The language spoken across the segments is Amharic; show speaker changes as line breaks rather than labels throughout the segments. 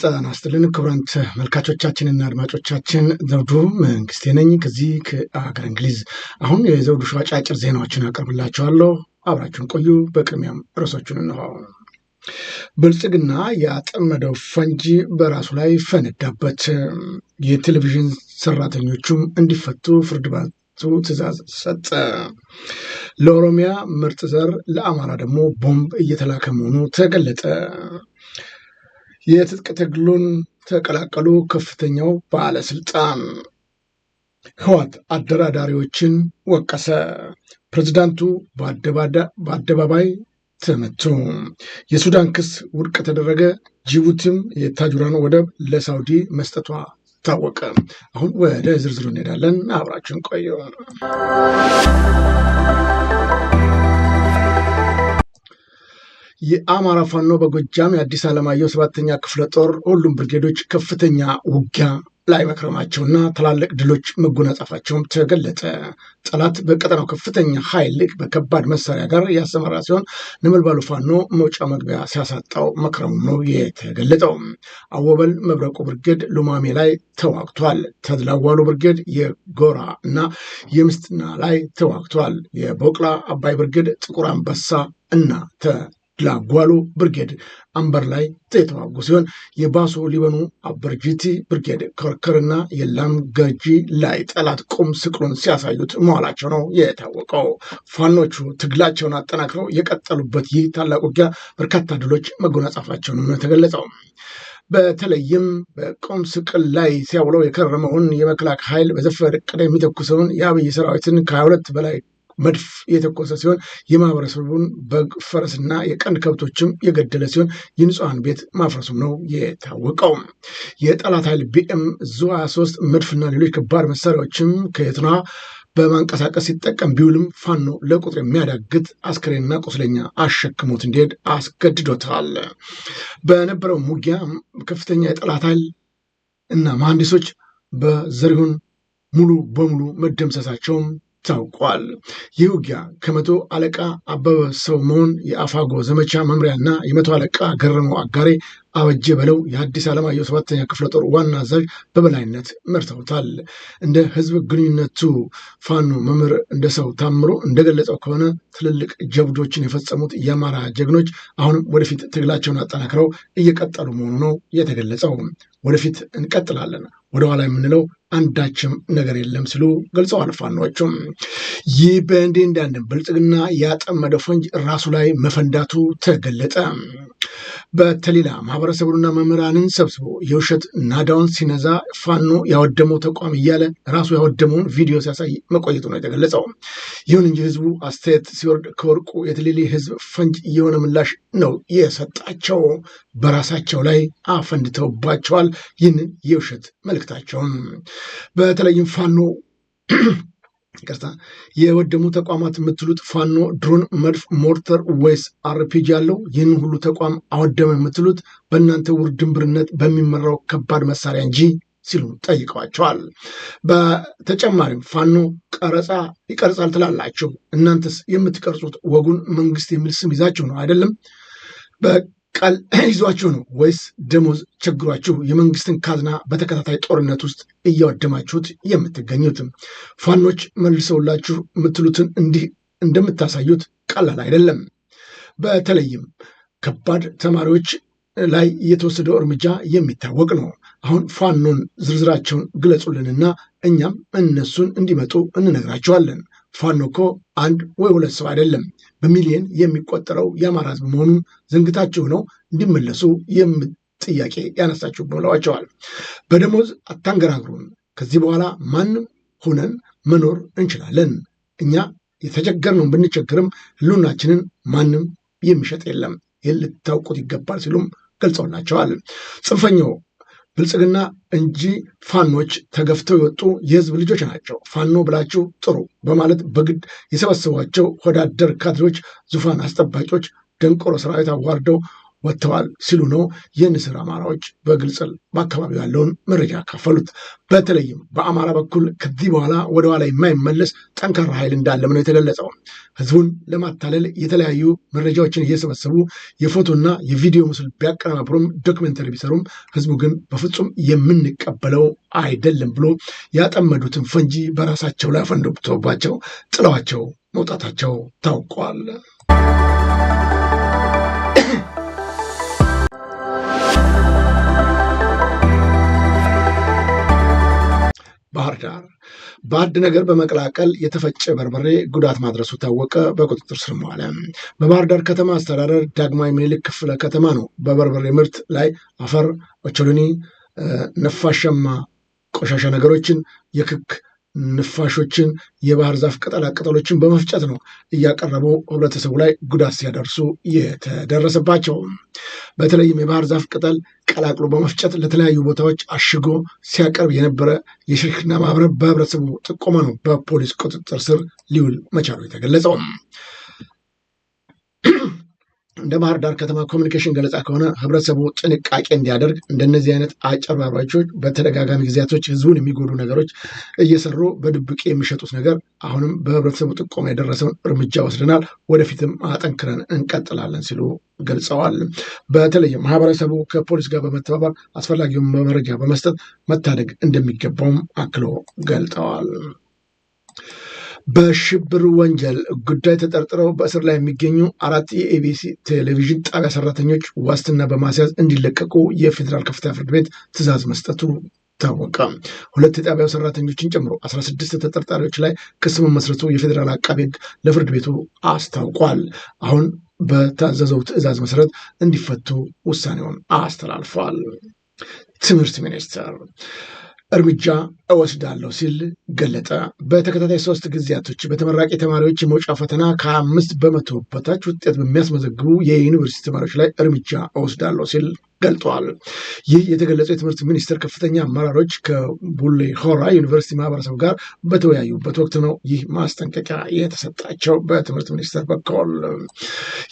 ጤና ይስጥልን ክቡራን ተመልካቾቻችንና አድማጮቻችን ዘውዱ መንግስቴ ነኝ ከዚህ ከሀገር እንግሊዝ። አሁን የዘውዱ ሾው አጫጭር ዜናዎችን አቀርብላችኋለሁ። አብራችሁን ቆዩ። በቅድሚያም ርዕሶቹን እንሆ። ብልጽግና ያጠመደው ፈንጂ በራሱ ላይ ፈነዳበት። የቴሌቪዥን ሰራተኞቹም እንዲፈቱ ፍርድ ቤቱ ትእዛዝ ሰጠ። ለኦሮሚያ ምርጥ ዘር፣ ለአማራ ደግሞ ቦምብ እየተላከ መሆኑ ተገለጠ። የትጥቅ ትግሉን ተቀላቀሉ ከፍተኛው ባለስልጣን። ህወሓት አደራዳሪዎችን ወቀሰ። ፕሬዝዳንቱ በአደባባይ ተመቱ። የሱዳን ክስ ውድቅ ተደረገ። ጅቡቲም የታጁራን ወደብ ለሳውዲ መስጠቷ ታወቀ። አሁን ወደ ዝርዝሩ እንሄዳለን። አብራችን ቆዩ። የአማራ ፋኖ በጎጃም የአዲስ ዓለማየሁ ሰባተኛ ክፍለ ጦር ሁሉም ብርጌዶች ከፍተኛ ውጊያ ላይ መክረማቸውና ትላልቅ ድሎች መጎናጸፋቸውም ተገለጠ። ጠላት በቀጠናው ከፍተኛ ኃይል በከባድ መሳሪያ ጋር ያሰማራ ሲሆን ነበልባሉ ፋኖ መውጫ መግቢያ ሲያሳጣው መክረሙ ነው የተገለጠው። አወበል መብረቁ ብርጌድ ሉማሜ ላይ ተዋግቷል። ተድላዋሉ ብርጌድ የጎራ እና የምስትና ላይ ተዋግቷል። የቦቅላ አባይ ብርጌድ ጥቁር አንበሳ እና ላጓሎ ብርጌድ አንበር ላይ የተዋጉ ሲሆን የባሶ ሊበኑ አበርጂቲ ብርጌድ ክርክርና የላም ገጂ ላይ ጠላት ቁም ስቅሉን ሲያሳዩት መዋላቸው ነው የታወቀው። ፋኖቹ ትግላቸውን አጠናክረው የቀጠሉበት ይህ ታላቅ ውጊያ በርካታ ድሎች መጎናጸፋቸውን ተገለጸው። በተለይም በቁም ስቅል ላይ ሲያውለው የከረመውን የመከላከያ ኃይል በዘፈቀደ የሚተኩሰውን የአብይ ሰራዊትን ከ22 በላይ መድፍ የተኮሰ ሲሆን የማህበረሰቡን በግ፣ ፈረስና የቀንድ ከብቶችም የገደለ ሲሆን የንጹሐን ቤት ማፍረሱም ነው የታወቀው። የጠላት ኃይል ቢኤም ዙ 23 መድፍና ሌሎች ከባድ መሳሪያዎችም ከየትና በማንቀሳቀስ ሲጠቀም ቢውልም ፋኖ ለቁጥር የሚያዳግት አስከሬንና ቁስለኛ አሸክሞት እንዲሄድ አስገድዶታል። በነበረው ሙጊያ ከፍተኛ የጠላት ኃይል እና መሐንዲሶች በዘሪሁን ሙሉ በሙሉ መደምሰሳቸውም ታውቋል። ይህ ውጊያ ከመቶ አለቃ አበበ ሰው መሆን የአፋጎ ዘመቻ መምሪያና የመቶ አለቃ ገረመው አጋሬ አበጀ በለው የአዲስ አለማየሁ ሰባተኛ ክፍለ ጦር ዋና አዛዥ በበላይነት መርተውታል። እንደ ህዝብ ግንኙነቱ ፋኖ መምህር እንደ ሰው ታምሮ እንደገለጸው ከሆነ ትልልቅ ጀብዶችን የፈጸሙት የአማራ ጀግኖች አሁንም ወደፊት ትግላቸውን አጠናክረው እየቀጠሉ መሆኑ ነው የተገለጸው። ወደፊት እንቀጥላለን፣ ወደኋላ የምንለው አንዳችም ነገር የለም ሲሉ ገልጸዋል። ፋኖቹም ይህ በእንዲህ እንዳንድን ብልጽግና ያጠመደው ፈንጅ ራሱ ላይ መፈንዳቱ ተገለጠ። በተሌላ ማህበረሰቡንና መምህራንን ሰብስቦ የውሸት ናዳውን ሲነዛ ፋኖ ያወደመው ተቋም እያለ ራሱ ያወደመውን ቪዲዮ ሲያሳይ መቆየቱ ነው የተገለጸው። ይሁን እንጂ ህዝቡ አስተያየት ሲወርድ ከወርቁ የትሌሌ ህዝብ ፈንጅ የሆነ ምላሽ ነው የሰጣቸው። በራሳቸው ላይ አፈንድተውባቸዋል ይህንን የውሸት መልእክታቸውን በተለይም ፋኖ ይቅርታ የወደሙ ተቋማት የምትሉት ፋኖ ድሮን፣ መድፍ፣ ሞርተር ወይስ አርፒጂ ያለው ይህን ሁሉ ተቋም አወደመ የምትሉት በእናንተ ውርድንብርነት በሚመራው ከባድ መሳሪያ እንጂ ሲሉ ጠይቀዋቸዋል። በተጨማሪም ፋኖ ቀረጻ ይቀርጻል ትላላችሁ፣ እናንተስ የምትቀርጹት ወጉን መንግስት የሚል ስም ይዛችሁ ነው አይደለም? ቃል ይዟችሁ ነው ወይስ ደሞዝ ችግሯችሁ የመንግስትን ካዝና በተከታታይ ጦርነት ውስጥ እያወደማችሁት የምትገኙት? ፋኖች መልሰውላችሁ የምትሉትን እንዲህ እንደምታሳዩት ቀላል አይደለም። በተለይም ከባድ ተማሪዎች ላይ የተወሰደው እርምጃ የሚታወቅ ነው። አሁን ፋኖን ዝርዝራቸውን ግለጹልንና እኛም እነሱን እንዲመጡ እንነግራቸዋለን። ፋኖ እኮ አንድ ወይ ሁለት ሰው አይደለም በሚሊየን የሚቆጠረው የአማራ ህዝብ መሆኑን ዝንግታችሁ ነው እንዲመለሱ የም ጥያቄ ያነሳችሁ ብለዋቸዋል። በደሞዝ አታንገራግሩን። ከዚህ በኋላ ማንም ሆነን መኖር እንችላለን። እኛ የተቸገርነው ብንቸግርም ህሉናችንን ማንም የሚሸጥ የለም። ይህን ልታውቁት ይገባል ሲሉም ገልጸውላቸዋል። ጽንፈኛው ብልጽግና እንጂ ፋኖች ተገፍተው የወጡ የህዝብ ልጆች ናቸው፣ ፋኖ ብላችሁ ጥሩ በማለት በግድ የሰበሰቧቸው ወዳደር ካድሬዎች ዙፋን አስጠባቂዎች፣ ደንቆሮ ሰራዊት አዋርደው ወጥተዋል ሲሉ ነው የንስር አማራዎች በግልጽ በአካባቢው ያለውን መረጃ ያካፈሉት። በተለይም በአማራ በኩል ከዚህ በኋላ ኋላ የማይመለስ ጠንካራ ኃይል እንዳለም ነው የተገለጸው። ህዝቡን ለማታለል የተለያዩ መረጃዎችን እየሰበሰቡ የፎቶና የቪዲዮ ምስል ቢያቀናብሩም፣ ዶክመንተሪ ቢሰሩም ህዝቡ ግን በፍጹም የምንቀበለው አይደለም ብሎ ያጠመዱትን ፈንጂ በራሳቸው ላይ አፈንድቶባቸው ጥለዋቸው መውጣታቸው ታውቋል። ባህርዳር በአንድ ነገር በመቀላቀል የተፈጨ በርበሬ ጉዳት ማድረሱ ታወቀ፣ በቁጥጥር ስር ዋለ። በባህርዳር ከተማ አስተዳደር ዳግማዊ ምኒልክ ክፍለ ከተማ ነው በበርበሬ ምርት ላይ አፈር፣ ኦቾሎኒ፣ ነፋሻማ ቆሻሻ ነገሮችን የክክ ንፋሾችን፣ የባህር ዛፍ ቅጠላ ቅጠሎችን በመፍጨት ነው እያቀረቡ ህብረተሰቡ ላይ ጉዳት ሲያደርሱ የተደረሰባቸው። በተለይም የባህር ዛፍ ቅጠል ቀላቅሎ በመፍጨት ለተለያዩ ቦታዎች አሽጎ ሲያቀርብ የነበረ የሽርክና ማህበረብ በህብረተሰቡ ጥቆማ ነው በፖሊስ ቁጥጥር ስር ሊውል መቻሉ የተገለጸው። እንደ ባህር ዳር ከተማ ኮሚኒኬሽን ገለጻ ከሆነ ህብረተሰቡ ጥንቃቄ እንዲያደርግ እንደነዚህ አይነት አጨራባሪዎች በተደጋጋሚ ጊዜያቶች ህዝቡን የሚጎዱ ነገሮች እየሰሩ በድብቅ የሚሸጡት ነገር አሁንም በህብረተሰቡ ጥቆማ የደረሰውን እርምጃ ወስደናል፣ ወደፊትም አጠንክረን እንቀጥላለን ሲሉ ገልጸዋል። በተለይም ማህበረሰቡ ከፖሊስ ጋር በመተባበር አስፈላጊውን መረጃ በመስጠት መታደግ እንደሚገባውም አክሎ ገልጠዋል። በሽብር ወንጀል ጉዳይ ተጠርጥረው በእስር ላይ የሚገኙ አራት የኤቢሲ ቴሌቪዥን ጣቢያ ሰራተኞች ዋስትና በማስያዝ እንዲለቀቁ የፌዴራል ከፍተኛ ፍርድ ቤት ትዕዛዝ መስጠቱ ታወቀ። ሁለት የጣቢያው ሰራተኞችን ጨምሮ 16 ተጠርጣሪዎች ላይ ክስ መመስረቱ የፌዴራል አቃቤ ሕግ ለፍርድ ቤቱ አስታውቋል። አሁን በታዘዘው ትዕዛዝ መሰረት እንዲፈቱ ውሳኔውን አስተላልፏል። ትምህርት ሚኒስቴር እርምጃ እወስዳለሁ ሲል ገለጠ። በተከታታይ ሶስት ጊዜያቶች በተመራቂ ተማሪዎች የመውጫ ፈተና ከአምስት በመቶ በታች ውጤት በሚያስመዘግቡ የዩኒቨርሲቲ ተማሪዎች ላይ እርምጃ እወስዳለሁ ሲል ገልጠዋል። ይህ የተገለጸው የትምህርት ሚኒስቴር ከፍተኛ አመራሮች ከቡሌ ሆራ ዩኒቨርሲቲ ማህበረሰብ ጋር በተወያዩበት ወቅት ነው። ይህ ማስጠንቀቂያ የተሰጣቸው በትምህርት ሚኒስቴር በኩል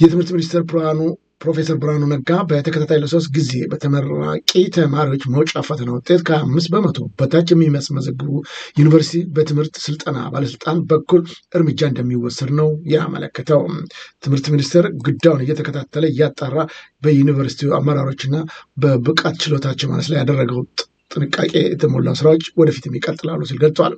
የትምህርት ሚኒስቴር ብርሃኑ ፕሮፌሰር ብርሃኑ ነጋ በተከታታይ ለሶስት ጊዜ በተመራቂ ተማሪዎች መውጫ ፈተና ውጤት ከአምስት በመቶ በታች የሚያስመዘግቡ ዩኒቨርሲቲ በትምህርት ስልጠና ባለስልጣን በኩል እርምጃ እንደሚወሰድ ነው ያመለከተው። ትምህርት ሚኒስቴር ጉዳዩን እየተከታተለ እያጣራ በዩኒቨርሲቲ አመራሮችና በብቃት ችሎታቸው ማነስ ላይ ያደረገው ጥንቃቄ የተሞላ ስራዎች ወደፊትም ይቀጥላሉ ሲል ገልጸዋል።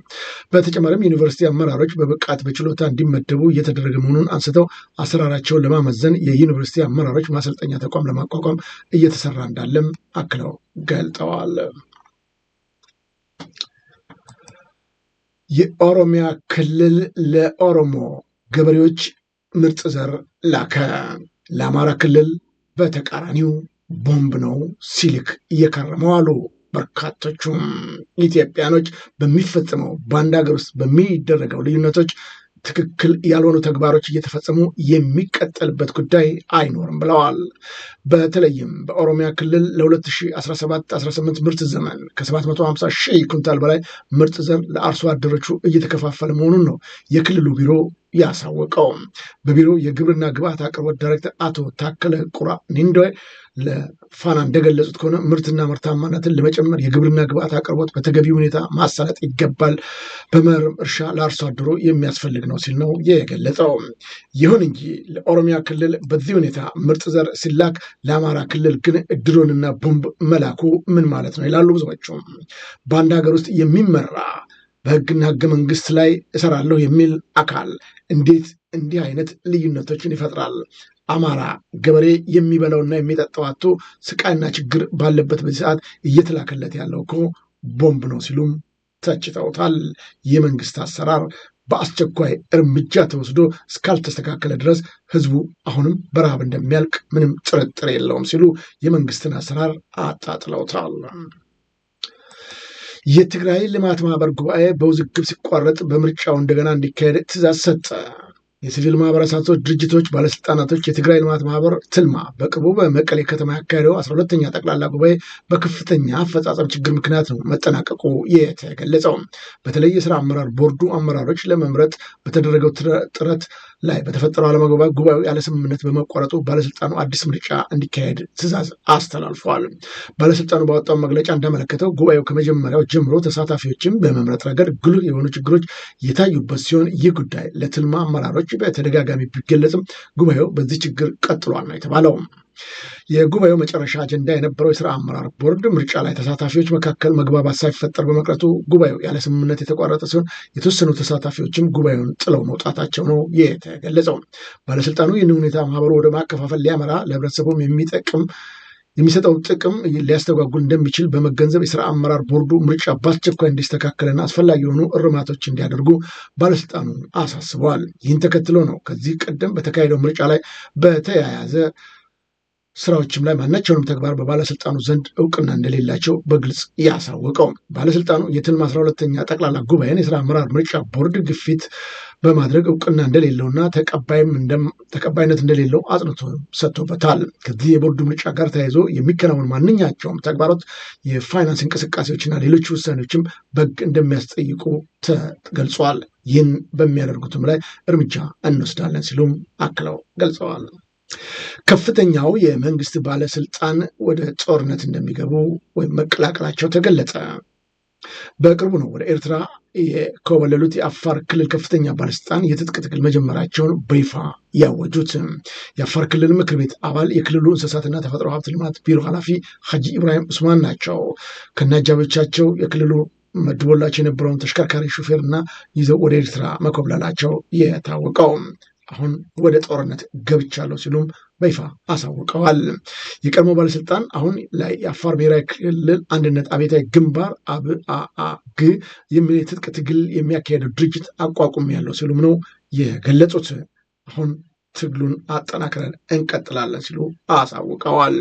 በተጨማሪም ዩኒቨርሲቲ አመራሮች በብቃት በችሎታ እንዲመደቡ እየተደረገ መሆኑን አንስተው አሰራራቸውን ለማመዘን የዩኒቨርሲቲ አመራሮች ማሰልጠኛ ተቋም ለማቋቋም እየተሰራ እንዳለም አክለው ገልጠዋል። የኦሮሚያ ክልል ለኦሮሞ ገበሬዎች ምርጥ ዘር ላከ። ለአማራ ክልል በተቃራኒው ቦምብ ነው ሲልክ እየከረመው አሉ። በርካቶቹም ኢትዮጵያኖች በሚፈጽመው በአንድ ሀገር ውስጥ በሚደረገው ልዩነቶች ትክክል ያልሆኑ ተግባሮች እየተፈጸሙ የሚቀጠልበት ጉዳይ አይኖርም ብለዋል። በተለይም በኦሮሚያ ክልል ለ2017/18 ምርት ዘመን ከ750 ሺህ ኩንታል በላይ ምርጥ ዘር ለአርሶ አደሮቹ እየተከፋፈለ መሆኑን ነው የክልሉ ቢሮ ያሳወቀው። በቢሮ የግብርና ግብዓት አቅርቦት ዳይሬክተር አቶ ታከለ ቁራ ኒንዶ ለፋና እንደገለጹት ከሆነ ምርትና ምርታማነትን ለመጨመር የግብርና ግብዓት አቅርቦት በተገቢ ሁኔታ ማሳለጥ ይገባል። በመርም እርሻ ለአርሶ አደሩ የሚያስፈልግ ነው ሲል ነው የገለጸው። ይሁን እንጂ ለኦሮሚያ ክልል በዚህ ሁኔታ ምርጥ ዘር ሲላክ ለአማራ ክልል ግን ድሮንና ቦምብ መላኩ ምን ማለት ነው ይላሉ ብዙዎቹ። በአንድ ሀገር ውስጥ የሚመራ በህግና ህገ መንግስት ላይ እሰራለሁ የሚል አካል እንዴት እንዲህ አይነት ልዩነቶችን ይፈጥራል? አማራ ገበሬ የሚበላውና የሚጠጣው አጥቶ ስቃይና ችግር ባለበት በዚህ ሰዓት እየተላከለት ያለው እኮ ቦምብ ነው ሲሉም ተችተውታል። የመንግስት አሰራር በአስቸኳይ እርምጃ ተወስዶ እስካልተስተካከለ ድረስ ህዝቡ አሁንም በረሃብ እንደሚያልቅ ምንም ጥርጥር የለውም ሲሉ የመንግስትን አሰራር አጣጥለውታል። የትግራይ ልማት ማህበር ጉባኤ በውዝግብ ሲቋረጥ በምርጫው እንደገና እንዲካሄድ ትእዛዝ ሰጠ። የሲቪል ማህበረሰቦች ድርጅቶች ባለስልጣናቶች የትግራይ ልማት ማህበር ትልማ በቅርቡ በመቀሌ ከተማ ያካሄደው አስራ ሁለተኛ ጠቅላላ ጉባኤ በከፍተኛ አፈጻጸም ችግር ምክንያት ነው መጠናቀቁ የተገለጸው። በተለይ የስራ አመራር ቦርዱ አመራሮች ለመምረጥ በተደረገው ጥረት ላይ በተፈጠረው አለመግባባት ጉባኤው ያለ ስምምነት በመቋረጡ ባለስልጣኑ አዲስ ምርጫ እንዲካሄድ ትዕዛዝ አስተላልፏል። ባለስልጣኑ ባወጣው መግለጫ እንዳመለከተው ጉባኤው ከመጀመሪያው ጀምሮ ተሳታፊዎችን በመምረጥ ረገድ ጉልህ የሆኑ ችግሮች የታዩበት ሲሆን ይህ ጉዳይ ለትልማ አመራሮች በተደጋጋሚ ቢገለጽም ጉባኤው በዚህ ችግር ቀጥሏል ነው የተባለው። የጉባኤው መጨረሻ አጀንዳ የነበረው የስራ አመራር ቦርድ ምርጫ ላይ ተሳታፊዎች መካከል መግባባት ሳይፈጠር በመቅረቱ ጉባኤው ያለ ስምምነት የተቋረጠ ሲሆን የተወሰኑ ተሳታፊዎችም ጉባኤውን ጥለው መውጣታቸው ነው የተገለጸው። ባለስልጣኑ ይህን ሁኔታ ማህበሩ ወደ ማከፋፈል ሊያመራ ለህብረተሰቡም የሚጠቅም የሚሰጠው ጥቅም ሊያስተጓጉል እንደሚችል በመገንዘብ የስራ አመራር ቦርዱ ምርጫ በአስቸኳይ እንዲስተካከልና አስፈላጊ የሆኑ እርማቶች እንዲያደርጉ ባለስልጣኑ አሳስበዋል። ይህን ተከትሎ ነው ከዚህ ቀደም በተካሄደው ምርጫ ላይ በተያያዘ ስራዎችም ላይ ማናቸውንም ተግባር በባለስልጣኑ ዘንድ እውቅና እንደሌላቸው በግልጽ ያሳወቀው ባለስልጣኑ የትልም አስራ ሁለተኛ ጠቅላላ ጉባኤን የስራ አመራር ምርጫ ቦርድ ግፊት በማድረግ እውቅና እንደሌለውና ተቀባይነት እንደሌለው አጽንቶ ሰጥቶበታል። ከዚህ የቦርዱ ምርጫ ጋር ተያይዞ የሚከናወን ማንኛቸውም ተግባሮት፣ የፋይናንስ እንቅስቃሴዎችና ሌሎች ውሳኔዎችም በግ እንደሚያስጠይቁ ተገልጿል። ይህን በሚያደርጉትም ላይ እርምጃ እንወስዳለን ሲሉም አክለው ገልጸዋል። ከፍተኛው የመንግስት ባለስልጣን ወደ ጦርነት እንደሚገቡ ወይም መቀላቀላቸው ተገለጸ። በቅርቡ ነው ወደ ኤርትራ የኮበለሉት የአፋር ክልል ከፍተኛ ባለስልጣን የትጥቅ ትግል መጀመራቸውን በይፋ ያወጁት። የአፋር ክልል ምክር ቤት አባል የክልሉ እንስሳትና ተፈጥሮ ሀብት ልማት ቢሮ ኃላፊ ሀጂ ኢብራሂም ኡስማን ናቸው። ከነአጃቢዎቻቸው የክልሉ መድቦላቸው የነበረውን ተሽከርካሪ ሹፌርና ይዘው ወደ ኤርትራ መኮብለላቸው የታወቀው አሁን ወደ ጦርነት ገብቻለሁ ሲሉም በይፋ አሳውቀዋል። የቀድሞ ባለስልጣን አሁን ላይ የአፋር ብሔራዊ ክልል አንድነት አብዮታዊ ግንባር አብአአግ የሚል የትጥቅ ትግል የሚያካሄደው ድርጅት አቋቁም ያለው ሲሉም ነው የገለጹት አሁን ትግሉን አጠናክረን እንቀጥላለን ሲሉ አሳውቀዋል።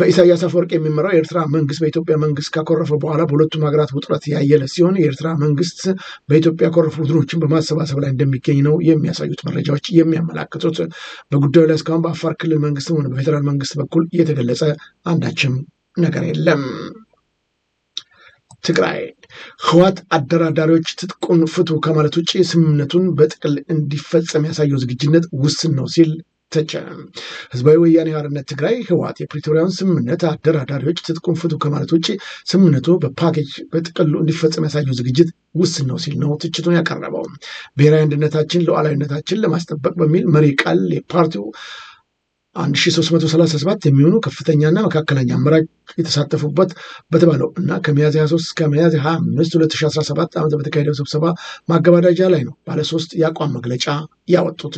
በኢሳያስ አፈወርቅ የሚመራው የኤርትራ መንግስት በኢትዮጵያ መንግስት ካኮረፈ በኋላ በሁለቱም ሀገራት ውጥረት ያየለ ሲሆን የኤርትራ መንግስት በኢትዮጵያ ኮረፉ ቡድኖችን በማሰባሰብ ላይ እንደሚገኝ ነው የሚያሳዩት መረጃዎች የሚያመላክቱት። በጉዳዩ ላይ እስካሁን በአፋር ክልል መንግስትም ሆነ በፌዴራል መንግስት በኩል የተገለጸ አንዳችም ነገር የለም። ትግራይ ህወሓት አደራዳሪዎች ትጥቁን ፍቱ ከማለት ውጭ ስምምነቱን በጥቅል እንዲፈጸም ያሳየው ዝግጅነት ውስን ነው ሲል ተቸ። ህዝባዊ ወያኔ ሓርነት ትግራይ ህወሓት የፕሪቶሪያውን ስምምነት አደራዳሪዎች ትጥቁን ፍቱ ከማለት ውጭ ስምምነቱ በፓኬጅ በጥቅሉ እንዲፈጸም ያሳየው ዝግጅት ውስን ነው ሲል ነው ትችቱን ያቀረበው። ብሔራዊ አንድነታችን ሉዓላዊነታችን ለማስጠበቅ በሚል መሪ ቃል የፓርቲው 1337 የሚሆኑ ከፍተኛና መካከለኛ አመራጭ የተሳተፉበት በተባለው እና ከሚያዝያ 23 እስከ ሚያዝያ 25 2017 ዓ.ም በተካሄደው ስብሰባ ማገባዳጃ ላይ ነው ባለሶስት የአቋም መግለጫ ያወጡት።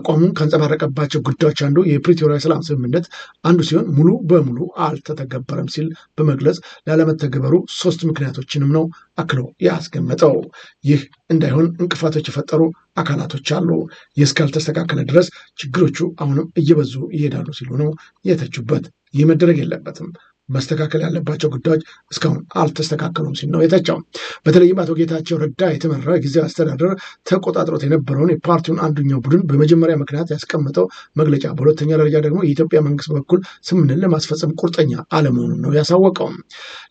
አቋሙን ካንጸባረቀባቸው ጉዳዮች አንዱ የፕሪቶሪያ ሰላም ስምምነት አንዱ ሲሆን ሙሉ በሙሉ አልተተገበረም ሲል በመግለጽ ላለመተግበሩ ሶስት ምክንያቶችንም ነው አክሎ ያስቀመጠው ይህ እንዳይሆን እንቅፋቶች የፈጠሩ አካላቶች አሉ። ይህ እስካልተስተካከለ ድረስ ችግሮቹ አሁንም እየበዙ ይሄዳሉ ሲሉ ነው የተቹበት። ይህ መደረግ የለበትም። መስተካከል ያለባቸው ጉዳዮች እስካሁን አልተስተካከሉም ሲል ነው የተቻው። በተለይም አቶ ጌታቸው ረዳ የተመራ ጊዜያዊ አስተዳደር ተቆጣጥሮት የነበረውን የፓርቲውን አንዱኛው ቡድን በመጀመሪያ ምክንያት ያስቀመጠው መግለጫ፣ በሁለተኛ ደረጃ ደግሞ የኢትዮጵያ መንግስት በኩል ስምንን ለማስፈጸም ቁርጠኛ አለመሆኑን ነው ያሳወቀው።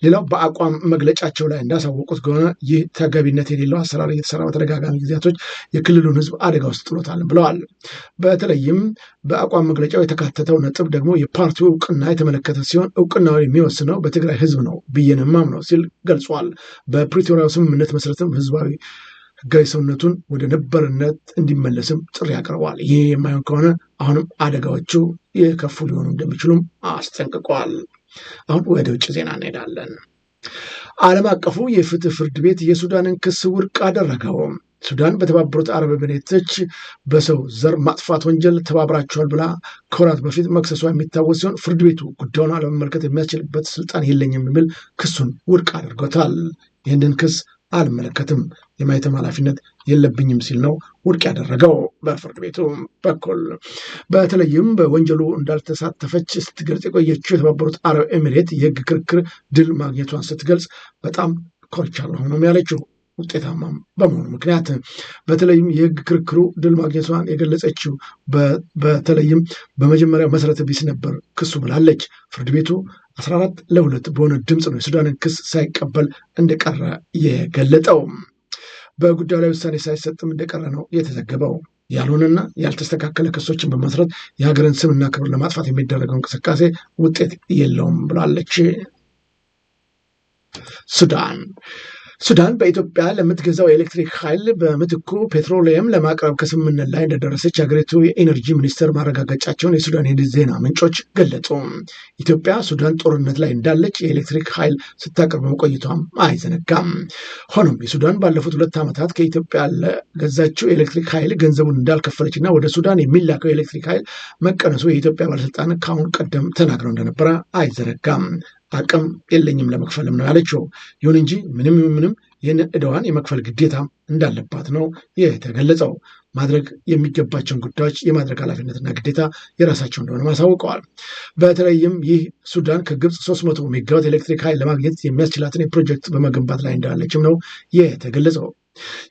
ሌላው በአቋም መግለጫቸው ላይ እንዳሳወቁት ከሆነ ይህ ተገቢነት የሌለው አሰራር እየተሰራ በተደጋጋሚ ጊዜያቶች የክልሉን ህዝብ አደጋ ውስጥ ጥሎታል ብለዋል። በተለይም በአቋም መግለጫው የተካተተው ነጥብ ደግሞ የፓርቲው እውቅና የተመለከተ ሲሆን እውቅና የሚወስነው በትግራይ ህዝብ ነው ብዬን ማምነው ሲል ገልጿል። በፕሪቶሪያው ስምምነት መሰረትም ህዝባዊ ህጋዊ ሰውነቱን ወደ ነበርነት እንዲመለስም ጥሪ አቅርበዋል። ይህ የማይሆን ከሆነ አሁንም አደጋዎቹ የከፉ ሊሆኑ እንደሚችሉም አስጠንቅቀዋል። አሁን ወደ ውጭ ዜና እንሄዳለን። ዓለም አቀፉ የፍትህ ፍርድ ቤት የሱዳንን ክስ ውድቅ አደረገው። ሱዳን በተባበሩት አረብ ኤሚሬቶች በሰው ዘር ማጥፋት ወንጀል ተባብራቸዋል ብላ ከወራት በፊት መክሰሷ የሚታወስ ሲሆን ፍርድ ቤቱ ጉዳዩን አለመመልከት የሚያስችልበት ስልጣን የለኝም የሚል ክሱን ውድቅ አድርጎታል። ይህንን ክስ አልመለከትም የማየትም ኃላፊነት የለብኝም ሲል ነው ውድቅ ያደረገው በፍርድ ቤቱ በኩል። በተለይም በወንጀሉ እንዳልተሳተፈች ስትገልጽ የቆየችው የተባበሩት አረብ ኤሚሬት የህግ ክርክር ድል ማግኘቷን ስትገልጽ በጣም ኮርቻለሁ ነው ያለችው ውጤታማ በመሆኑ ምክንያት በተለይም የህግ ክርክሩ ድል ማግኘቷን የገለጸችው በተለይም በመጀመሪያ መሰረተ ቢስ ነበር ክሱ ብላለች። ፍርድ ቤቱ 14 ለሁለት በሆነ ድምፅ ነው የሱዳንን ክስ ሳይቀበል እንደቀረ የገለጠው። በጉዳዩ ላይ ውሳኔ ሳይሰጥም እንደቀረ ነው የተዘገበው። ያልሆነና ያልተስተካከለ ክሶችን በመስረት የሀገርን ስምና ክብር ለማጥፋት የሚደረገው እንቅስቃሴ ውጤት የለውም ብላለች ሱዳን። ሱዳን በኢትዮጵያ ለምትገዛው የኤሌክትሪክ ኃይል በምትኩ ፔትሮሊየም ለማቅረብ ከስምምነት ላይ እንደደረሰች ሀገሪቱ የኤነርጂ ሚኒስትር ማረጋገጫቸውን የሱዳን ዜና ምንጮች ገለጹ። ኢትዮጵያ ሱዳን ጦርነት ላይ እንዳለች የኤሌክትሪክ ኃይል ስታቀርብ መቆይቷም አይዘነጋም። ሆኖም የሱዳን ባለፉት ሁለት ዓመታት ከኢትዮጵያ ለገዛችው የኤሌክትሪክ ኃይል ገንዘቡን እንዳልከፈለች እና ወደ ሱዳን የሚላከው የኤሌክትሪክ ኃይል መቀነሱ የኢትዮጵያ ባለስልጣን ከአሁን ቀደም ተናግረው እንደነበረ አይዘነጋም። አቅም የለኝም ለመክፈልም ነው ያለችው። ይሁን እንጂ ምንም ምንም ይህን እደዋን የመክፈል ግዴታ እንዳለባት ነው የተገለጸው። ማድረግ የሚገባቸውን ጉዳዮች የማድረግ ኃላፊነትና ግዴታ የራሳቸው እንደሆነ አሳውቀዋል። በተለይም ይህ ሱዳን ከግብፅ 300 ሜጋዋት ኤሌክትሪክ ኃይል ለማግኘት የሚያስችላትን ፕሮጀክት በመገንባት ላይ እንዳለችም ነው የተገለጸው።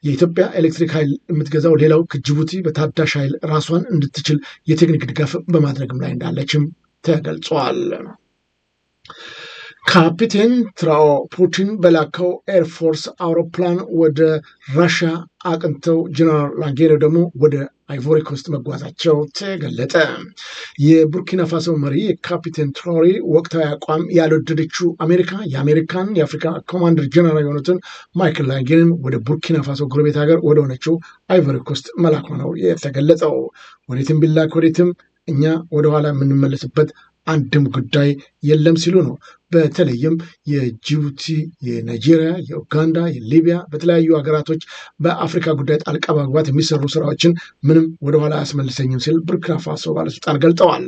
የኢትዮጵያ ኤሌክትሪክ ኃይል የምትገዛው ሌላው ከጅቡቲ በታዳሽ ኃይል ራሷን እንድትችል የቴክኒክ ድጋፍ በማድረግም ላይ እንዳለችም ተገልጿል። ካፒቴን ፑቲን በላከው ኤርፎርስ አውሮፕላን ወደ ራሽያ አቅንተው ጀነራል ላጌሬ ደግሞ ወደ አይቮሪኮስት መጓዛቸው ተገለጠ። የቡርኪና ፋሶ መሪ የካፒቴን ትራኦሬ ወቅታዊ አቋም ያልወደደችው አሜሪካ የአሜሪካን የአፍሪካ ኮማንደር ጀነራል የሆኑትን ማይክል ላጌሬን ወደ ቡርኪና ፋሶ ጎረቤት ሀገር ወደ ሆነችው አይቮሪኮስት ኮስት ነው የተገለጸው። ወዴትም ቢላክ ወዴትም እኛ ወደኋላ የምንመለስበት አንድም ጉዳይ የለም ሲሉ ነው በተለይም የጅቡቲ፣ የናይጄሪያ፣ የኡጋንዳ፣ የሊቢያ በተለያዩ ሀገራቶች በአፍሪካ ጉዳይ ጣልቃ በመግባት የሚሰሩ ስራዎችን ምንም ወደኋላ አያስመልሰኝም ሲል ቡርኪና ፋሶ ባለስልጣን ገልጠዋል።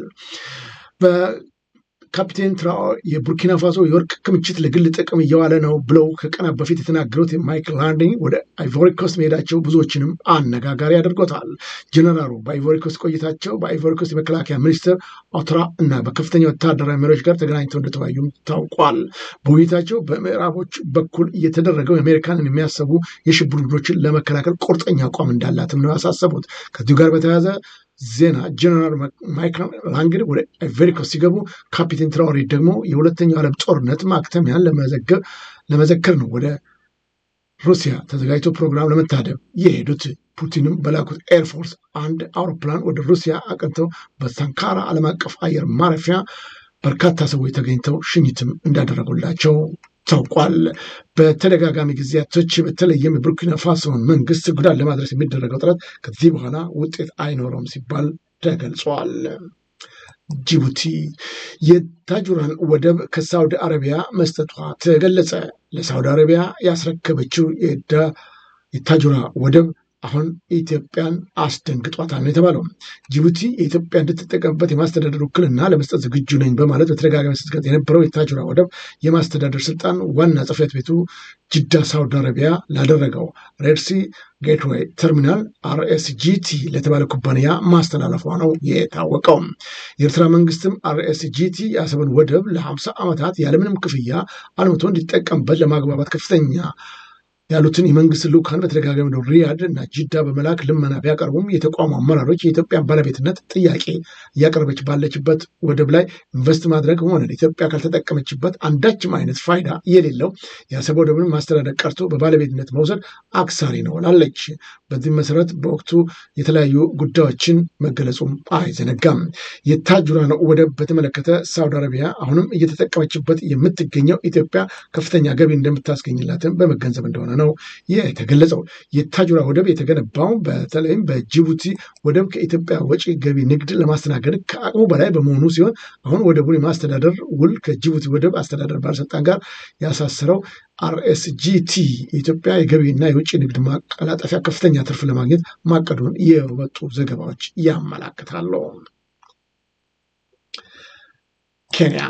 ካፕቴን ትራኦሬ የቡርኪና ፋሶ የወርቅ ክምችት ለግል ጥቅም እየዋለ ነው ብለው ከቀናት በፊት የተናገሩት ማይክል ሃርዲንግ ወደ አይቮሪኮስት መሄዳቸው ብዙዎችንም አነጋጋሪ አድርጎታል። ጀነራሉ በአይቮሪኮስት ቆይታቸው በአይቮሪኮስት የመከላከያ ሚኒስትር ኦትራ እና በከፍተኛ ወታደራዊ መሪዎች ጋር ተገናኝተው እንደተወያዩም ታውቋል። በውይይታቸው በምዕራቦች በኩል እየተደረገው የአሜሪካንን የሚያሰቡ የሽብር ቡድኖችን ለመከላከል ቁርጠኛ አቋም እንዳላትም ነው ያሳሰቡት። ከዚሁ ጋር በተያያዘ ዜና ጀነራል ማይክል ላንግድ ወደ አይቨሪኮስ ሲገቡ ካፒቴን ትራኦሬ ደግሞ የሁለተኛው ዓለም ጦርነት ማክተሚያን ለመዘከር ነው ወደ ሩሲያ ተዘጋጅቶ ፕሮግራም ለመታደም የሄዱት። ፑቲንም በላኩት ኤርፎርስ አንድ አውሮፕላን ወደ ሩሲያ አቅንተው በሳንካራ ዓለም አቀፍ አየር ማረፊያ በርካታ ሰዎች ተገኝተው ሽኝትም እንዳደረጉላቸው ታውቋል። በተደጋጋሚ ጊዜያቶች በተለይም የቡርኪና ፋሶን መንግስት ጉዳት ለማድረስ የሚደረገው ጥረት ከዚህ በኋላ ውጤት አይኖረውም ሲባል ተገልጿል። ጅቡቲ የታጁራን ወደብ ከሳውዲ አረቢያ መስጠቷ ተገለጸ። ለሳውዲ አረቢያ ያስረከበችው የታጁራ ወደብ አሁን ኢትዮጵያን አስደንግጧታል ነው የተባለው። ጅቡቲ የኢትዮጵያ እንድትጠቀምበት የማስተዳደር ውክልና ለመስጠት ዝግጁ ነኝ በማለት በተደጋጋሚ ስትገልጽ የነበረው የታጁራ ወደብ የማስተዳደር ስልጣን ዋና ጽሕፈት ቤቱ ጅዳ ሳውዲ አረቢያ ላደረገው ሬድሲ ጌትዌይ ተርሚናል አርኤስጂቲ ለተባለ ኩባንያ ማስተላለፏ ነው የታወቀው። የኤርትራ መንግስትም አርኤስጂቲ የአሰብን ወደብ ለ50 ዓመታት ያለምንም ክፍያ አልምቶ እንዲጠቀምበት ለማግባባት ከፍተኛ ያሉትን የመንግስት ልካን በተደጋጋሚ ነው ሪያድ እና ጅዳ በመላክ ልመና ቢያቀርቡም የተቋሙ አመራሮች የኢትዮጵያን ባለቤትነት ጥያቄ እያቀረበች ባለችበት ወደብ ላይ ኢንቨስት ማድረግ ሆነ ኢትዮጵያ ካልተጠቀመችበት አንዳችም አይነት ፋይዳ የሌለው የአሰብ ወደብን ማስተዳደር ቀርቶ በባለቤትነት መውሰድ አክሳሪ ነው ላለች። በዚህም መሰረት በወቅቱ የተለያዩ ጉዳዮችን መገለጹም አይዘነጋም። የታጁራን ወደብ በተመለከተ ሳውዲ አረቢያ አሁንም እየተጠቀመችበት የምትገኘው ኢትዮጵያ ከፍተኛ ገቢ እንደምታስገኝላትን በመገንዘብ እንደሆነ ነው የተገለጸው። የታጁራ ወደብ የተገነባው በተለይም በጅቡቲ ወደብ ከኢትዮጵያ ወጪ ገቢ ንግድ ለማስተናገድ ከአቅሙ በላይ በመሆኑ ሲሆን አሁን ወደቡን የማስተዳደር ውል ከጅቡቲ ወደብ አስተዳደር ባለስልጣን ጋር ያሳሰረው አርኤስጂቲ የኢትዮጵያ የገቢና የውጭ ንግድ ማቀላጠፊያ ከፍተኛ ትርፍ ለማግኘት ማቀዱን የወጡ ዘገባዎች ያመላክታሉ። ኬንያ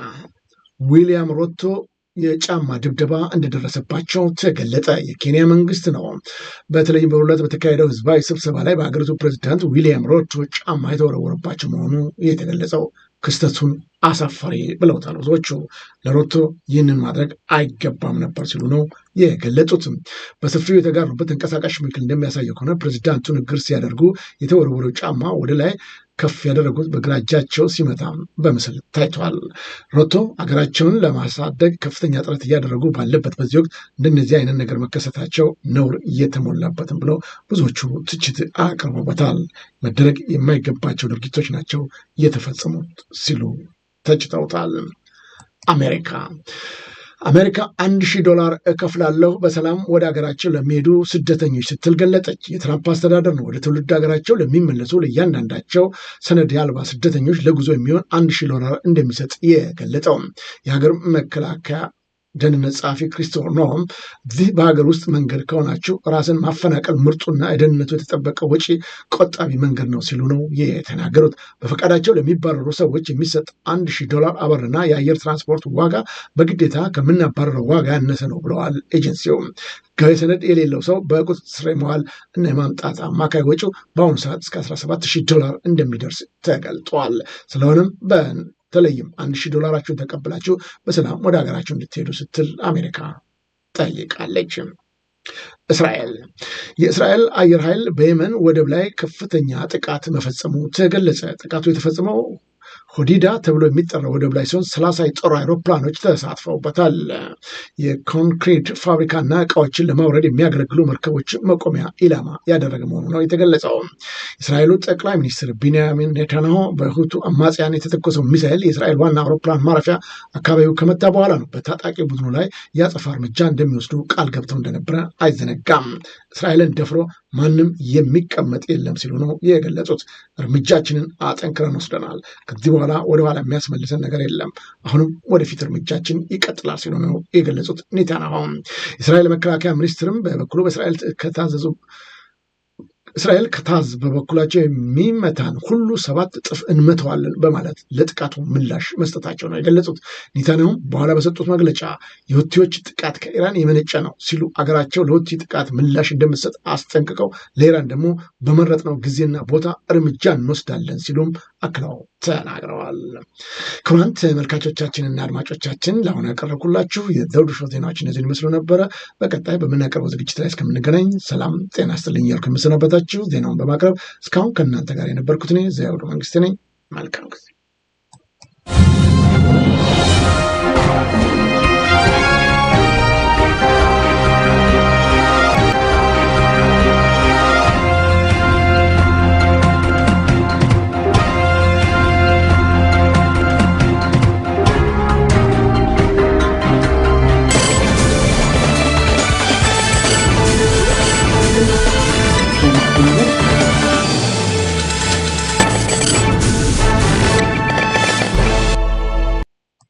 ዊሊያም ሮቶ የጫማ ድብደባ እንደደረሰባቸው ተገለጠ። የኬንያ መንግስት ነው በተለይም በሁለት በተካሄደው ህዝባዊ ስብሰባ ላይ በሀገሪቱ ፕሬዚዳንት ዊሊያም ሮቶ ጫማ የተወረወረባቸው መሆኑ የተገለጸው ክስተቱን አሳፋሪ ብለውታል። ብዙዎቹ ለሮቶ ይህንን ማድረግ አይገባም ነበር ሲሉ ነው የገለጹትም። በሰፊው የተጋሩበት ተንቀሳቃሽ ምክል እንደሚያሳየው ከሆነ ፕሬዚዳንቱ ንግግር ሲያደርጉ የተወረወረው ጫማ ወደ ላይ ከፍ ያደረጉት በግራ እጃቸው ሲመታም በምስል ታይቷል። ሮቶ ሀገራቸውን ለማሳደግ ከፍተኛ ጥረት እያደረጉ ባለበት በዚህ ወቅት እንደነዚህ አይነት ነገር መከሰታቸው ነውር እየተሞላበትም ብለው ብዙዎቹ ትችት አቅርቦበታል። መደረግ የማይገባቸው ድርጊቶች ናቸው እየተፈጸሙት ሲሉ ተችተውታል። አሜሪካ አሜሪካ አንድ ሺህ ዶላር እከፍላለሁ በሰላም ወደ ሀገራቸው ለሚሄዱ ስደተኞች ስትል ገለጠች። የትራምፕ አስተዳደር ነው ወደ ትውልድ ሀገራቸው ለሚመለሱ ለእያንዳንዳቸው ሰነድ አልባ ስደተኞች ለጉዞ የሚሆን አንድ ሺህ ዶላር እንደሚሰጥ የገለጠው። የሀገር መከላከያ ደህንነት ጸሐፊ ክሪስቶፈር ኖም እዚህ በሀገር ውስጥ መንገድ ከሆናችሁ ራስን ማፈናቀል ምርጡና የደህንነቱ የተጠበቀ ወጪ ቆጣቢ መንገድ ነው ሲሉ ነው የተናገሩት። በፈቃዳቸው ለሚባረሩ ሰዎች የሚሰጥ አንድ ሺህ ዶላር አበርና የአየር ትራንስፖርት ዋጋ በግዴታ ከምናባረረው ዋጋ ያነሰ ነው ብለዋል። ኤጀንሲው ህጋዊ ሰነድ የሌለው ሰው በቁጥጥር ስር መዋል እና የማምጣት አማካይ ወጪው በአሁኑ ሰዓት እስከ 17 ሺህ ዶላር እንደሚደርስ ተገልጧል። ስለሆነም በተለይም አንድ ሺህ ዶላራችሁን ተቀብላችሁ በሰላም ወደ ሀገራችሁ እንድትሄዱ ስትል አሜሪካ ጠይቃለች። እስራኤል የእስራኤል አየር ኃይል በየመን ወደብ ላይ ከፍተኛ ጥቃት መፈጸሙ ተገለጸ። ጥቃቱ የተፈጸመው ሆዲዳ ተብሎ የሚጠራው ወደብ ላይ ሲሆን ሰላሳ የጦር አውሮፕላኖች ተሳትፈውበታል። የኮንክሪት ፋብሪካና እቃዎችን ለማውረድ የሚያገለግሉ መርከቦች መቆሚያ ኢላማ ያደረገ መሆኑ ነው የተገለጸው። እስራኤሉ ጠቅላይ ሚኒስትር ቢንያሚን ኔታንያሁ በሁቱ አማጽያን የተተኮሰው ሚሳይል የእስራኤል ዋና አውሮፕላን ማረፊያ አካባቢው ከመታ በኋላ ነው በታጣቂ ቡድኑ ላይ የአጸፋ እርምጃ እንደሚወስዱ ቃል ገብተው እንደነበረ አይዘነጋም። እስራኤልን ደፍሮ ማንም የሚቀመጥ የለም ሲሉ ነው የገለጹት። እርምጃችንን አጠንክረን ወስደናል ከዚህ ወደኋላ ወደኋላ የሚያስመልሰን ነገር የለም፣ አሁንም ወደፊት እርምጃችን ይቀጥላል ሲሉ ነው የገለጹት ኔታንያሁ። የእስራኤል መከላከያ ሚኒስትርም በበኩሉ በእስራኤል ከታዘዙ እስራኤል ከታዝ በበኩላቸው የሚመታን ሁሉ ሰባት እጥፍ እንመተዋለን በማለት ለጥቃቱ ምላሽ መስጠታቸው ነው የገለጹት። ኔታንያሁም በኋላ በሰጡት መግለጫ የሁቲዎች ጥቃት ከኢራን የመነጨ ነው ሲሉ አገራቸው ለሁቲ ጥቃት ምላሽ እንደምትሰጥ አስጠንቅቀው፣ ለኢራን ደግሞ በመረጥነው ጊዜና ቦታ እርምጃ እንወስዳለን ሲሉም አክለው ተናግረዋል። ክቡራን ተመልካቾቻችንና አድማጮቻችን ለአሁኑ ያቀረብኩላችሁ የዘውዱ ሾው ዜናዎች እነዚህን ይመስሉ ነበረ። በቀጣይ በምናቀርበው ዝግጅት ላይ እስከምንገናኝ ሰላም ጤና ይስጥልኝ እያልኩ የምሰናበታችሁ ዜናውን በማቅረብ እስካሁን ከእናንተ ጋር የነበርኩት እኔ ዘውዱ መንግስት ነኝ። መልካም ጊዜ